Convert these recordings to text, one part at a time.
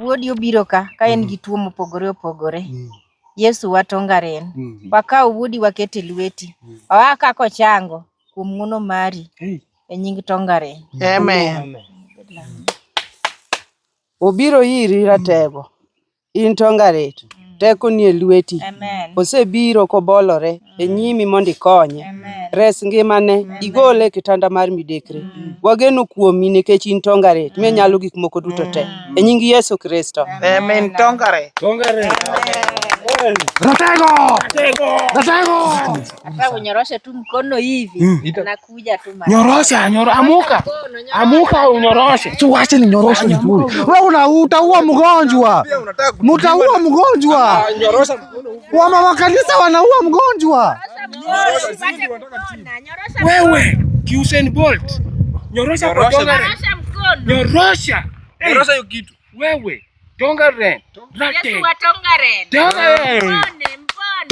wuodi obiro ka ka en mhm. gi tuo mopogore opogore. Mhm. Yesu watongaren. Mhm. Wakaw wuodi waket e lweti. Oa ka kochango kuom ng'uono mari. E nying tongaren. Amen. Obiro iri ratego. In tongaret. teko ni e lweti Amen. osebiro kobolore e mm. e nyimi mondo ikonye res ngimane igole e kitanda mar midekre mm. wageno kuomi nikech in tongaret mm. minyalo gik moko duto te mm. e nying yesu kristo Amen. Amen. Tongare. Tongare. Amen. Amen. Ratego! Ratego! Ratego! Hata unyoroshe tu mkono hivi. Hmm. Anakuja tu mara. Nyorosha, nyoro amuka. Amuka unyoroshe. Tu acha ninyoroshe vizuri. Wewe unautaua mgonjwa. Mtaua mgonjwa. Ah, nyorosha mkono huko. Wa mama kanisa wanaua mgonjwa. Wewe, Usain Bolt. Nyorosha kwa Nyorosha. Nyorosha hiyo kitu. Wewe. Tongaren. Yesu wa Tongaren. Tongaren.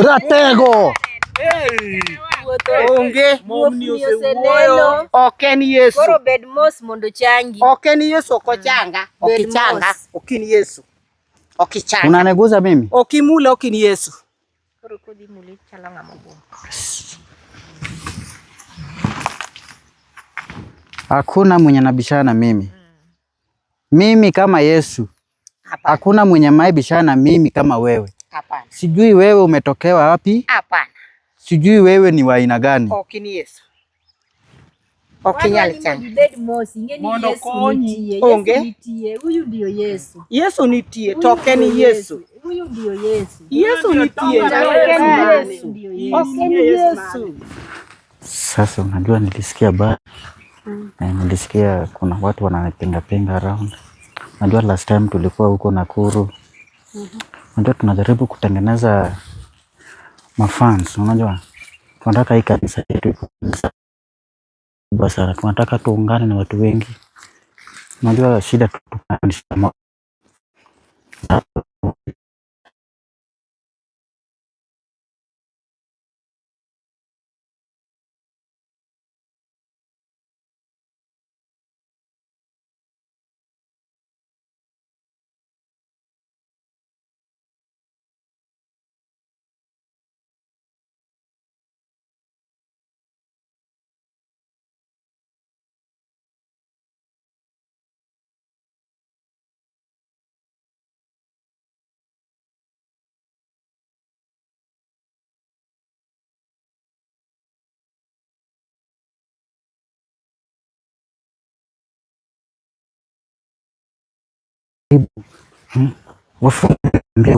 Ratego. Ok ni Yesu. Koro bed mos mondo changi. Ok ni Ok ni Yesu. Okichanga. Hmm. Unaneguza mimi? Yesu. Koro muli Hakuna mwenye nabishana mimi. Hmm. Mimi kama Yesu Hapana. Hakuna mwenye na mimi kama wewe. Hapana. Sijui wewe umetokewa wapi? Hapana. Sijui wewe ni wa aina gani? Okay, Onge. Huyu ndio Yesu. Yesu nitie, tokeni Yesu. Huyu ndio Yesu. Yesu nitie, tokeni Yesu. Sasa unajua nilisikia ba, hmm. eh, nilisikia kuna watu wanapinga pinga around Najua last time tulikuwa huko Nakuru. Mm -hmm. Najua tunajaribu kutengeneza mafans, unajua tunataka hii kanisa yetu kubwa sana, tunataka tuungane na watu wengi. Unajua shida tutukanisha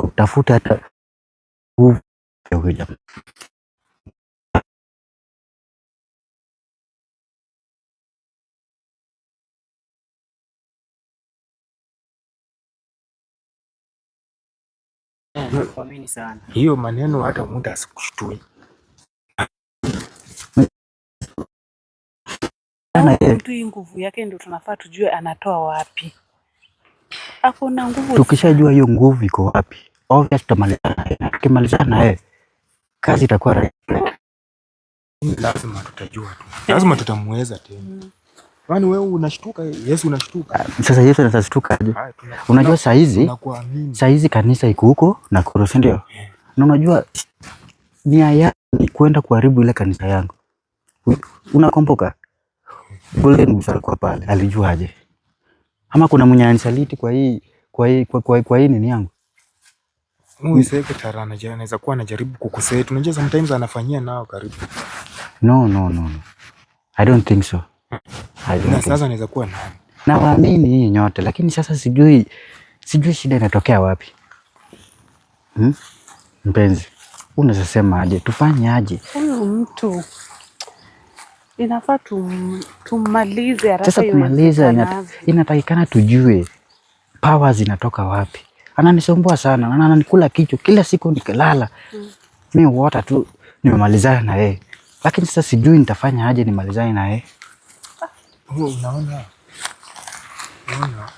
Utafuta hata hiyo maneno, hata muda asikushtue. Mtu hii nguvu yake ndio tunafaa tujue anatoa wapi hakuna nguvu. Tukishajua hiyo nguvu iko wapi, obvious tutamalizana naye. Tukimalizana naye kazi itakuwa rahisi. Lazima tutajua tu, lazima tutamweza tena. Kwani mm. wewe unashtuka, Yesu unashtuka. Sasa Yesu anashtuka aje? Unajua saa hizi saa hizi kanisa iko huko Nakuru, si ndio? Eh. Na unajua nia yake ni kwenda kuharibu ile kanisa yangu. Unakumbuka? Golden Boy alikuwa pale, alijuaje? Ama kuna mwenye anisaliti kwa hii kwa hii kwa, kwa, kwa hii nini yangu? Mimi sasa tarana jana naweza kuwa anajaribu kukosea. Unajua sometimes anafanyia nao karibu. No no no. no I don't think so. I don't na sasa anaweza kuwa na. Nawaamini hii nyote lakini sasa sijui sijui shida inatokea wapi. Hmm? Mpenzi, unaweza sema aje? Tufanye aje? Huyu mtu Inafaa tumalize haraka. Sasa kumaliza inatakikana tujue power zinatoka wapi. Ananisumbua sana, ananikula kichwa kila siku nikilala. Mm. Mimi tu nimemalizana na yeye. Lakini sasa sijui nitafanya aje nimalizane na yeye. unaona? Unaona?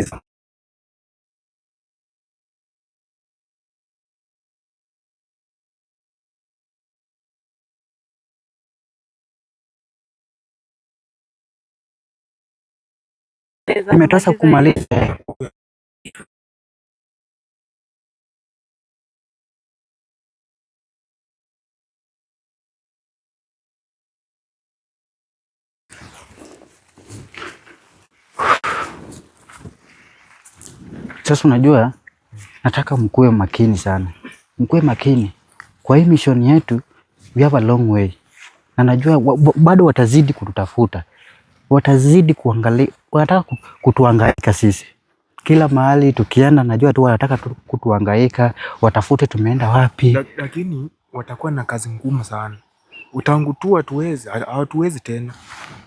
Yes. imetosa kumaliza sasa. Unajua, nataka mkuwe makini sana, mkuwe makini kwa hii mishoni yetu. We have a long way, na najua bado watazidi kututafuta watazidi kuangalia, wanataka kutuangaika sisi kila mahali tukienda, najua tu wanataka kutuangaika, watafute tumeenda wapi, lakini watakuwa na kazi ngumu sana. Utangu tu hatuwezi, hatuwezi tena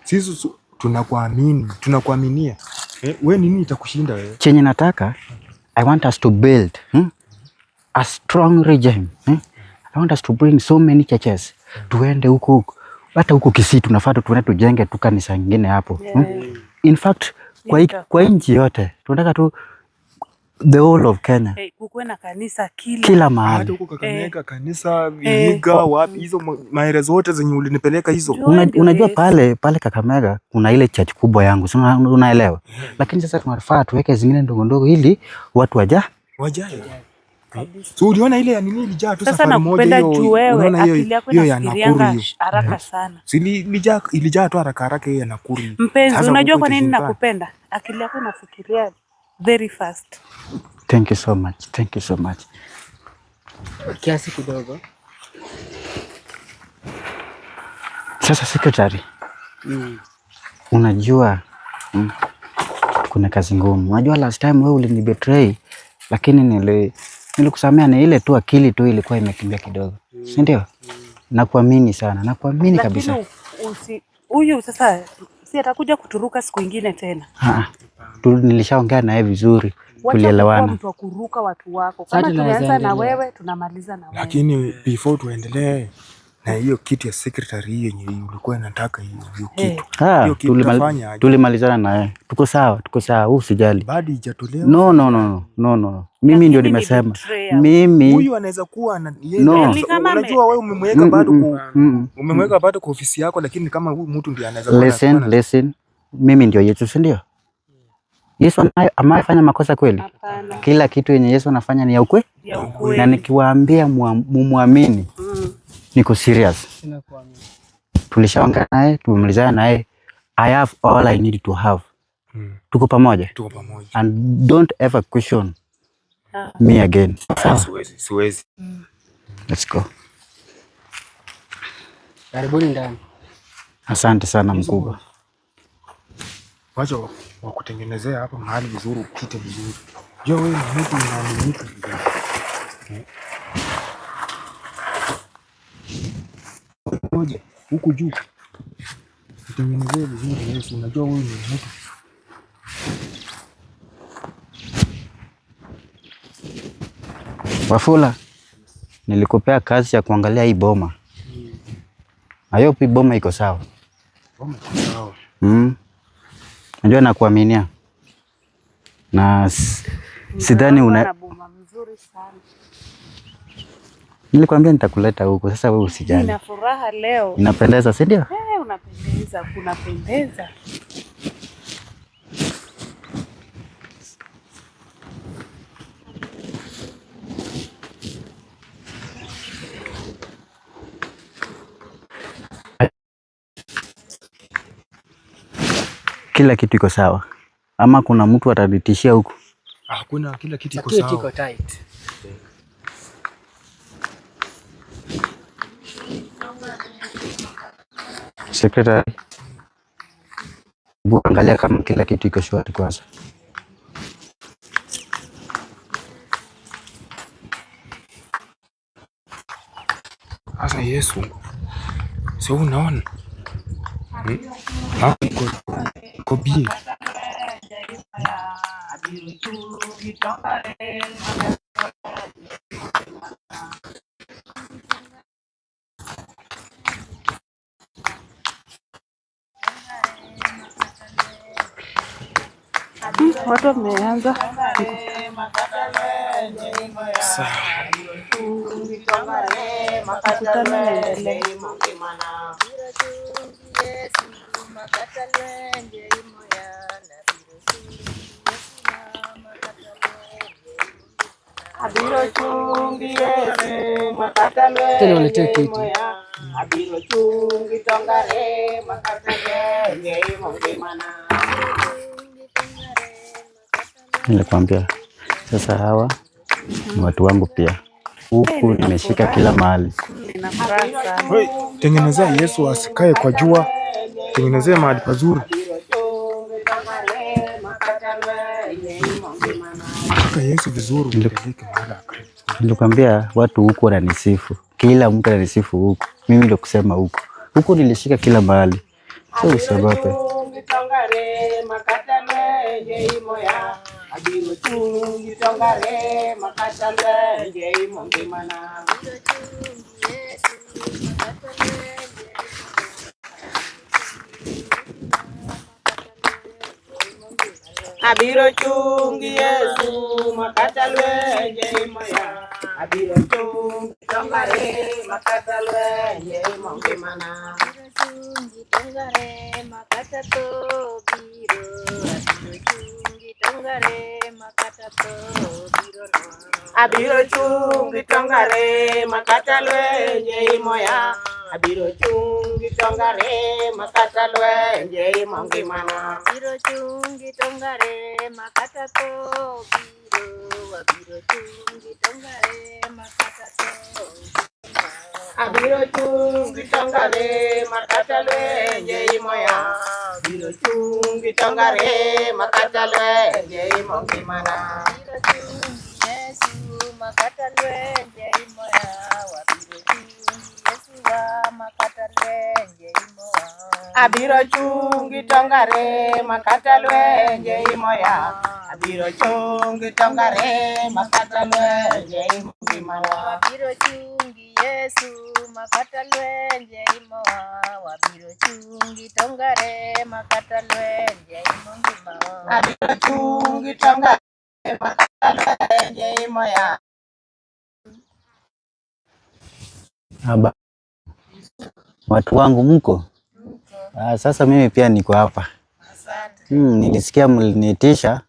sisi. Tunakuamini, tunakuaminia eh, we nini itakushinda wewe? Chenye nataka I want us to build hmm, a strong region hmm. I want us to bring so many churches, tuende huko huko hata huko Kisii tunafaa tuende tujenge tu kanisa nyingine hapo hmm? yeah. In fact kwa, kwa nchi yote tunataka tu the whole of Kenya hey, eh, kukuwe na kanisa kila, kila mahali huko Kakamega eh. kanisa eh. Vihiga hey. Oh. wapi hizo maelezo yote zenye ulinipeleka hizo una, unajua pale pale Kakamega kuna ile church kubwa yangu si unaelewa, lakini sasa tunafaa tuweke zingine ndogo ndogo ili watu waja wajae So uliona ile ya nini ilijaa tu safari moja hiyo. Sasa wewe akili yako inafikiria haraka sana. Si ilijaa ilijaa tu haraka haraka hiyo ya Nakuru. Mpenzi, unajua kwa nini nakupenda? Akili yako inafikiria very fast. Thank you so much. Thank you so much. Kiasi kidogo. Sasa sekretari. Mm. Unajua mm, kuna kazi ngumu. Unajua last time wewe ulinibetray lakini nili nilikusamea ni ile tu akili tu ilikuwa imekimbia kidogo, si ndio? Nakuamini sana, nakuamini kabisa. Huyu sasa si atakuja kuturuka siku ingine tena? Ah, ah. Nilishaongea naye vizuri, tulielewana. Mtu wa kuruka watu wako, kama tunaanza na wewe tunamaliza na wewe. Lakini before tuendelee na hiyo kitu ya secretary hiyo yenye ulikuwa unataka hiyo hiyo eh. kitu. Ha, ah, tulimalizana tulimali naye. Tuko sawa, tuko sawa, usijali. Bado hijatolewa. No, no, no, no, no. Mimi ndio nimesema. Mimi huyu anaweza kuwa Unajua wewe mm, mm, mm, umemweka bado umemweka bado kwa ofisi yako lakini kama huyu mtu ndiye anaweza kuwa. Listen, listen. Mimi ndio Yesu, si ndio? Yesu amefanya makosa kweli? Hapana. Kila kitu yenye Yesu anafanya ni ya ukweli. Na nikiwaambia mumwamini niko serious. Tulishaongea naye tumemalizana naye, I have all I need to have. Hmm. Tuko pamoja, tuko pamoja, and don't ever question ah, me again. Siwezi, siwezi. Hmm. Let's go. Karibuni ndani. Asante sana mkubwa. Wacha wakutengenezea hapa mahali vizuri, ukite vizuri. Jo, wewe mtu unaamini kitu gani? Ngoja huku juu utengenezee vizuri Yesu, unajua huyu ni mtu Wafula, nilikupea kazi ya kuangalia hii boma hayo. Hmm. Boma iko sawa, boma iko sawa. Mm. Najua nakuaminia na sidhani una boma mzuri sana. Nilikwambia nitakuleta huko. Sasa wewe usijali. Nina furaha leo. Inapendeza, si ndio? Eh, unapendeza, kunapendeza. Kila kitu iko sawa ama kuna mtu atanitishia huku? Hakuna, kila kitu iko sawa. Kila kitu iko tight. Sekretari, angalia kama kila kitu iko shwari kwanza. Asa Yesu, si unaona hmm? iko Moto umeanza mkutano unaendelea. abiro chungi tongare ngimana nilikwambia. Sasa hawa ni watu wangu pia, huku nimeshika kila mahali. Tengenezea Yesu asikae kwa jua, tengenezea mahali pazuri Yesu vizuri. Nilikwambia watu huku wananisifu, kila mtu ananisifu huku, mimi ndio kusema huku huku nilishika kila mahali, so usiogope. ಅದಿರುಚು ಇದೊಂಗರೆ ಮಕ ಚಂದ ಜೈ ಮುಂದೆ ಮನ Abiro chungi Yesu makatalwe yei maya Abiro chungi tongare makatalwe yei mongi mana Abiro chungi tongare makatalwe Abiro chungi tongare makata lwenye imoya Abiro chungi tongare makata lwenye imongimana Abiro chungi tongare makata to biro Abiro chungi tongare makata to Abirochu gitongare makatale jei moya. Abirochu gitongare makatale jei mongi mana. Yesu makatale jei moya. Abirochu Yesu wa makatale jei moya. Abirochu gitongare makatale jei moya. Abiro chungi tongare makata lwenje chungi Yesu makata lwenje chungi tongare makata lwenje Abiro chungi tongare makata lwenje Aba, watu wangu mko? Mko. Aa, ah, sasa mimi pia niko hapa. Asante. Mm, nilisikia Mm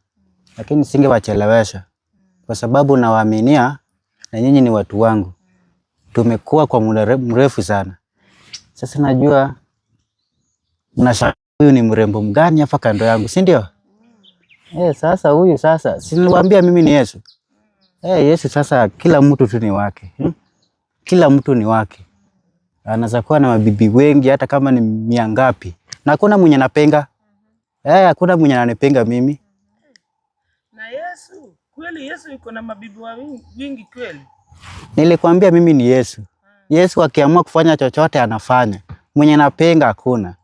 lakini singewachelewesha kwa sababu nawaaminia na nyinyi ni watu wangu, tumekuwa kwa muda mrefu sana. Sasa najua mnashangaa huyu ni mrembo mgani hapa kando yangu, si ndio? Eh, sasa huyu sasa, siniwaambia mimi ni Yesu. Eh, Yesu sasa kila mtu tu ni wake hmm? Kila mtu ni wake, anaweza kuwa na mabibi wengi, hata kama ni miangapi na hakuna mwenye anapenga. Eh, hakuna mwenye ananipenga mimi kweli Yesu yuko na mabibi wa wingi kweli? Nilikwambia mimi ni Yesu. Hmm. Yesu akiamua kufanya chochote anafanya, mwenye napinga hakuna.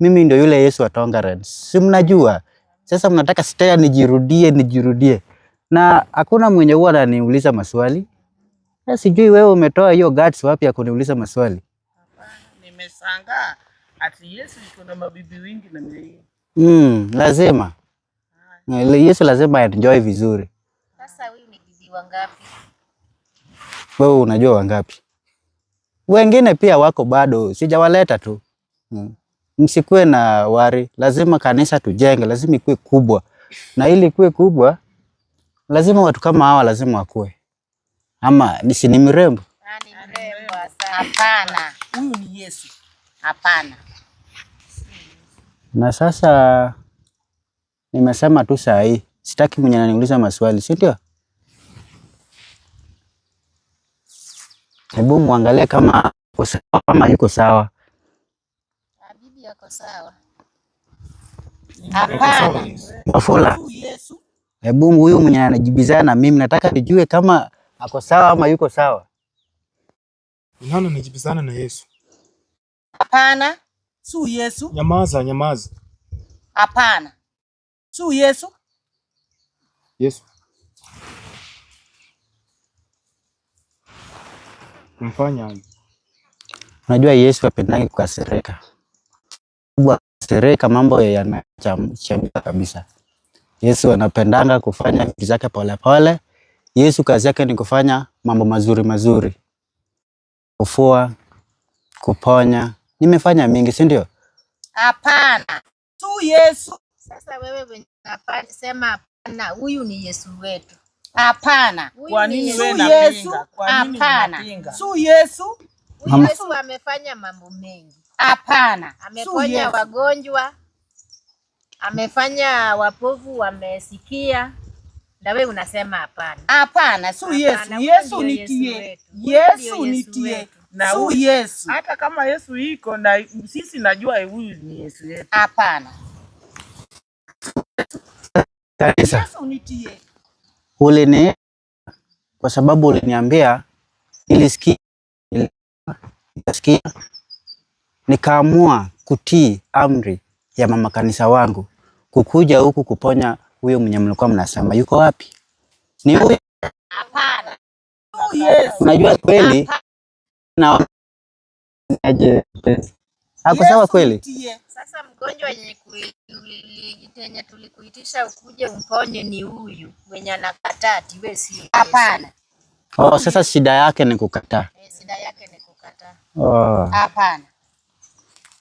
Mimi ndio yule Yesu wa Tongaren, si mnajua? Sasa mnataka stea nijirudie, nijirudie, na hakuna mwenye huwa ananiuliza maswali. Sijui wewe umetoa hiyo guts wapi ya kuniuliza maswali? Nimesanga ati Yesu yuko na mabibi wingi na mimi. Mm, lazima Yesu lazima enjoy vizuri wangapi? Wewe unajua wangapi? Wengine pia wako bado, sijawaleta tu. Hmm. msikue na wari, lazima kanisa tujenge, lazima ikue kubwa, na ili ikue kubwa lazima watu kama hawa lazima wakue Ama disi ni mrembo? Ah, Hapana, huyu ni Yesu. Hapana. Na sasa nimesema tu saa hii, sitaki mwenye ananiuliza maswali, si ndio? Hebu muangalie kama yuko sawa, kama yuko sawa. Habibi yuko sawa? Hapana. Wafula, hebu huyu mwenye anajibizana na mimi nataka nijue kama ako sawa ama yuko sawa. Unaona anajibizana na Yesu? Hapana, si Yesu. Nyamaza, nyamaza. Hapana, si Yesu. Yesu Mfanya. Unajua Yesu apendake kukasirika. Kukasirika mambo yanachambika kabisa. Yesu anapendanga kufanya vitu zake polepole. Yesu kazi yake ni kufanya mambo mazuri mazuri, kufua, kuponya. Nimefanya mingi, si ndio? Hapana tu Yesu. Sasa wewe wenye unasema hapana, huyu ni Yesu wetu Hapana. Kwa nini wewe unapinga? Kwa nini Su Yesu. Yesu amefanya mambo mengi. Hapana. Ameponya wagonjwa. Amefanya wapofu wamesikia. Na wewe unasema hapana. Hapana, Su Yesu. Yesu ni tie. Yesu ni tie. Na Su Yesu. Hata kama Yesu iko na sisi najua huyu ni Yesu yetu. Hapana. Kanisa. Yesu tie ulini kwa sababu uliniambia nilisikia, nikasikia, nikaamua kutii amri ya mama kanisa wangu kukuja huku kuponya huyo mwenye mlikuwa mnasema yuko wapi? Ni huyo? Hapana. Unajua kweli na Hako sawa kweli. Sasa mgonjwa yenye tulikuitisha ukuje umponye ni huyu mwenye anakataa tiwe si. Hapana. Oh, sasa shida yake ni kukataa. Eh, shida yake ni kukataa. Oh. Hapana.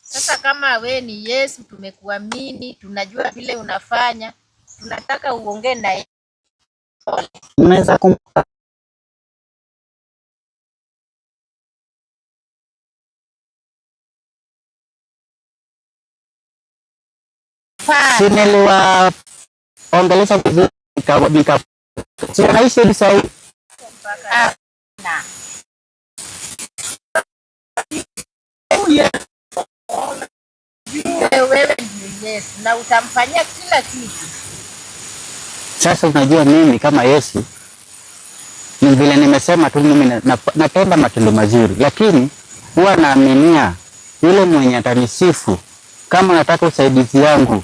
Sasa kama we ni Yesu, tumekuamini, tunajua vile unafanya, tunataka uongee naye. Mnaweza kumpa Nimeliwaongelesha vizuri naishi hivi saa na utamfanyia kila kitu. Sasa unajua mimi kama Yesu ni vile nimesema tu, mimi natenda matendo mazuri, lakini huwa naaminia yule mwenye atanisifu kama nataka usaidizi wangu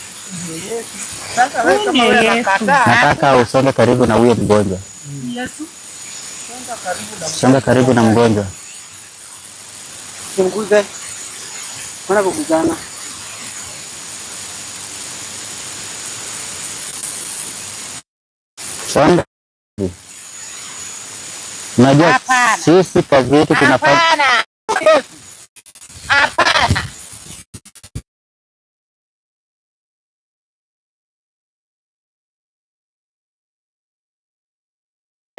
Nataka usonge karibu na huyo mgonjwa, songa karibu na mgonjwa. Unajua sisi kazi yetu tunafanya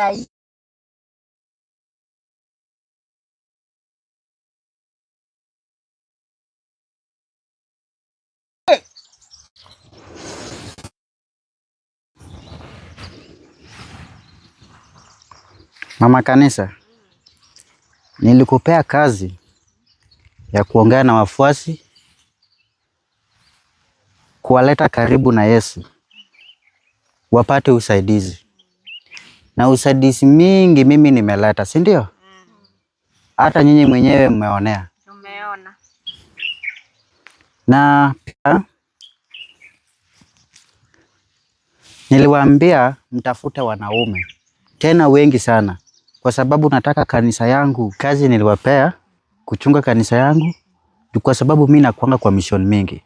taifa Mama Kanisa, nilikupea kazi ya kuongea na wafuasi, kuwaleta karibu na Yesu wapate usaidizi na usadisi mingi mimi nimeleta, si ndio? Hata nyinyi mwenyewe mmeonea, umeona. Na pia niliwaambia mtafute wanaume tena wengi sana, kwa sababu nataka kanisa yangu, kazi niliwapea kuchunga kanisa yangu, kwa sababu mi nakwanga kwa mishoni mingi.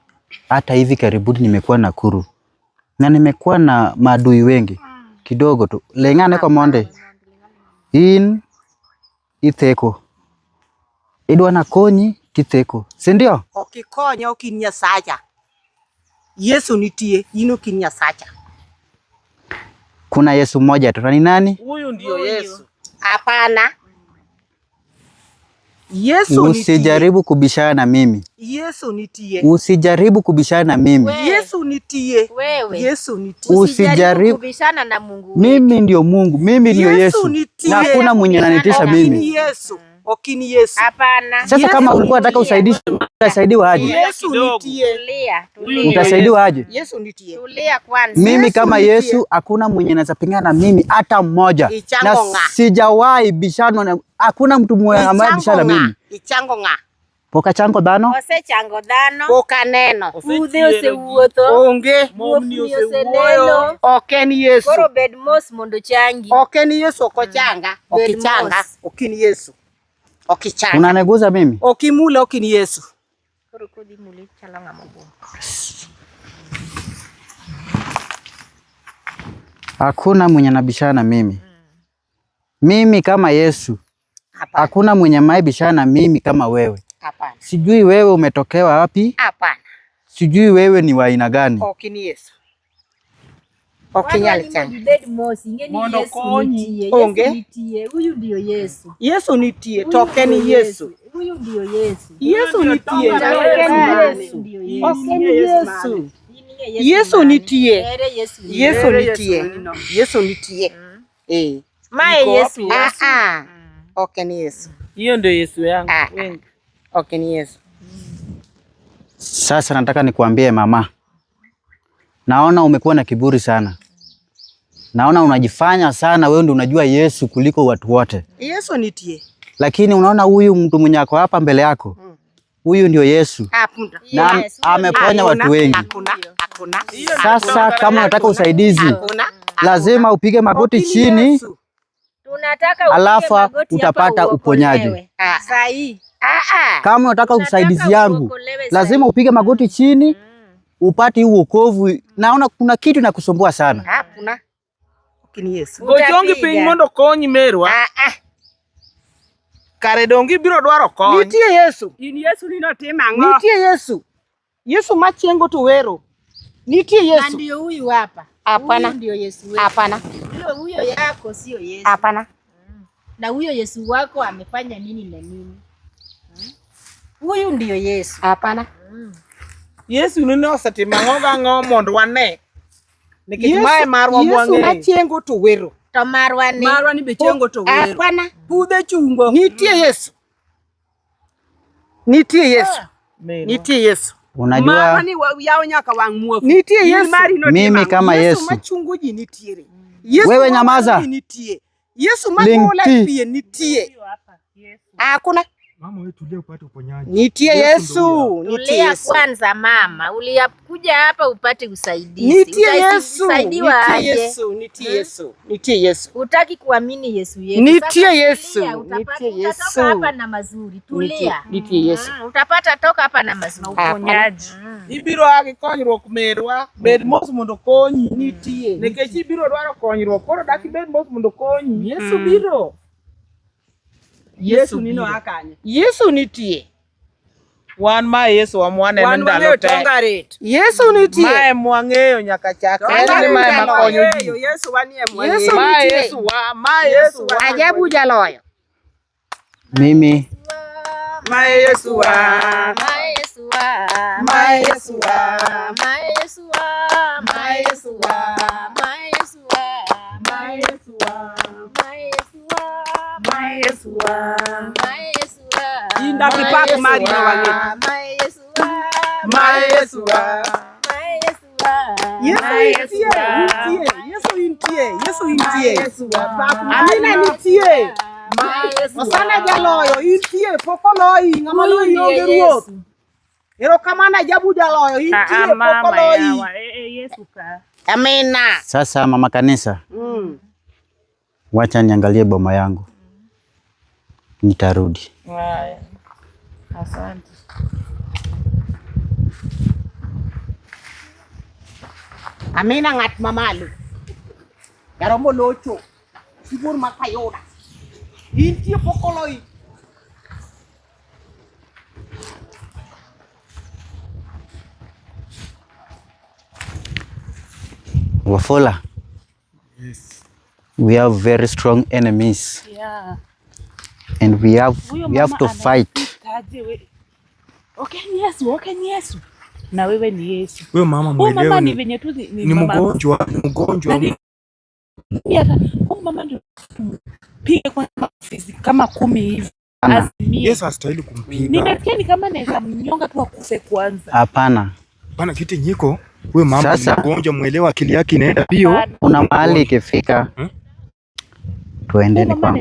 Hata hivi karibuni nimekuwa Nakuru na nimekuwa na maadui wengi kidogo tu, leng'ane monde in itheko, idwa konyi titheko, si ndio? ukikonya ok in Nyasacha, Yesu nitie, in ok in Nyasacha. Kuna Yesu mmoja tu, ni nani huyu? Ndio Yesu? Hapana. Yesu, nitie. usijaribu kubishana na mimi. Yesu nitie. Usijaribu kubishana na mimi. Yesu nitie. Wewe. Yesu nitie. Usijaribu kubishana na Mungu. Mimi ndio Mungu, mimi ndio Yesu, Yesu na hakuna mwenye ananitisha mimi. Yesu. Hmm. Okini Yesu. Hapana. Sasa Yesu, kama ulikuwa unataka usaidishi, utasaidiwa aje? Yesu nitie. Tulia, tulia. Utasaidiwa aje? Yesu nitie. Tulia kwanza. Mimi kama Yesu hakuna mwenye anaweza pingana na mimi hata mmoja. Na sijawahi bishano na hakuna mtu mwenye ambaye bishana mimi. Ichango nga. Poka chango dhano. Ose chango dhano. Poka neno. Udhe ose uoto. Onge. Mwomni ose uoyo. Okeni Yesu. Koro bed mos mondo changi. Okeni Yesu oko changa. Okichanga. Okini Yesu. Okichana. Unaneguza mimi? Okimule oki ni Yesu. Hakuna mwenye nabishana na mimi. Mm. Mimi kama Yesu. Hapana. Hakuna mwenye mai bishana na mimi kama wewe. Hapana. Sijui wewe umetokewa wapi? Hapana. Sijui wewe ni wa aina gani? Oki ni Yesu. Wakinyali changa onge, Yesu nitie, tokeni Yesu, Yesu nitie, Yesu, Yesu nitie, Yesu nitie, Yesu nitie, mm. eh, mae Yesu, ah, ah. Mm. en Yesu, hiyo ndio Yesu yangu, ah, ah. okeni Yesu. Sasa nataka nikuambie mama, naona umekuwa na kiburi sana Naona unajifanya sana, wewe ndio unajua Yesu kuliko watu wote. Yesu nitie. Lakini unaona huyu mtu mwenye ako hapa mbele yako hmm. huyu ndio Yesu ah, na yes, ameponya watu wengi. Sasa kama unataka usaidizi lazima upige magoti chini, alafu utapata uponyaji. Kama unataka usaidizi yangu, lazima upige magoti chini upate uokovu. Naona kuna kitu nakusumbua sana hakuna. Ah, Yesu. gochongi piny mondo konyi merwa. Ah, ah. Kare dongi biro dwaro kony. Nitie Yesu. In Yesu ni notimo ang'o? Nitie Yesu. Yesu machiengo tu wero. Nitie Yesu. Ndio huyu hapa. Hapana. Ndio Yesu wetu. Hapana. Ndio huyo yako sio Yesu. Hapana. Mm. Na huyo Yesu wako amefanya nini na nini? Mm. Huyu ndio Yesu. Hapana. Mm. Yesu nino osetimo ang'o gang'o mondo wane machiengo to wero to marwa ni marwa ni be chengo to wero pudhe chungo nitie Yesu nitie Yesu ah. nitie Yesu unajua yao nyaka wang' muofu nitie Yesu mimi kama Yesu machungo ji nitiere wewe nyamaza nitie Yesu makola pie nitie hakuna Mama wewe tulia upate uponyaji. Nitie Yesu, nitie Yesu. Kwanza mama, uliyakuja hapa upate usaidizi. Nitie Yesu, nitie Yesu, hmm? nitie Yesu, nitie Yesu. Hutaki kuamini Yesu yetu. Nitie Yesu, nitie hmm? Yesu. Utapata toka hapa na mazuri. Tulia. Hmm. Nitie Yesu. Utapata toka hapa na mazuri uponyaji. Ibiro agikonyruok merwa, bed mos mondo konyi. Nitie. Nikech ibiro dwaro konyruok, koro dak ibed mos mondo konyi. Yesu biro. Yesu nino biro. Yesu nitie. Wan ma Yesu wa wamwane ne ndalo te. Yesu nitie. Mae mwang'eyo nyaka chak. En mae makonyo ji. Yesu wanie mwang'eyo. ma Yesu wa, ma Yesu wa. Ajabu jaloyo. Mimi. ma Yesu wa. ma Yesu wa. ma Yesu wa. ma Yesu wa. ma Yesu wa. ma yesu wa Yesua, my Yesua. Inda kipako mali na wale. My Yesua, intie, Yesu intie. Amina nitie. Osana jaloyo intie pokoloyi ng'ama lo ionge ruoth. Erokamano ajabu jaloyo ah, intie ah, pokoloyi. Eh, eh, Amina. Sasa mama kanisa, mm. Wacha niangalie boma yangu nitarudi. Asante. Amina ng'at mamalo yaromo locho sibuor makayuda intie pokoloyi Wafola. Yes. We have very strong enemies. Yeah and we have, we have to fight. Okay, Yesu, okay, Yesu. Na wewe ni Yesu. Wewe mama mwelewe. Ni venye tu ni mgonjwa, ni mgonjwa. Yaani, mama piga kwa kama kumi hivi. Yesu hastahili kumpiga. Nimesikia ni kama naweza mnyonga tu akufe kwanza. Hapana. Bana kiti nyiko, mama ni mgonjwa mwelewa, akili yake inaenda Kuna mahali ikifika. Hmm? Tuendeni kwa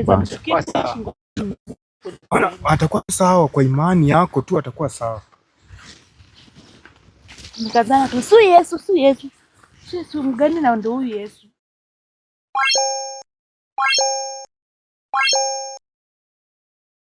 atakuwa sawa kwa imani yako tu, atakuwa sawa. Mkazana tu, su Yesu, su Yesu, su Yesu mgani? Na ndo huyu Yesu.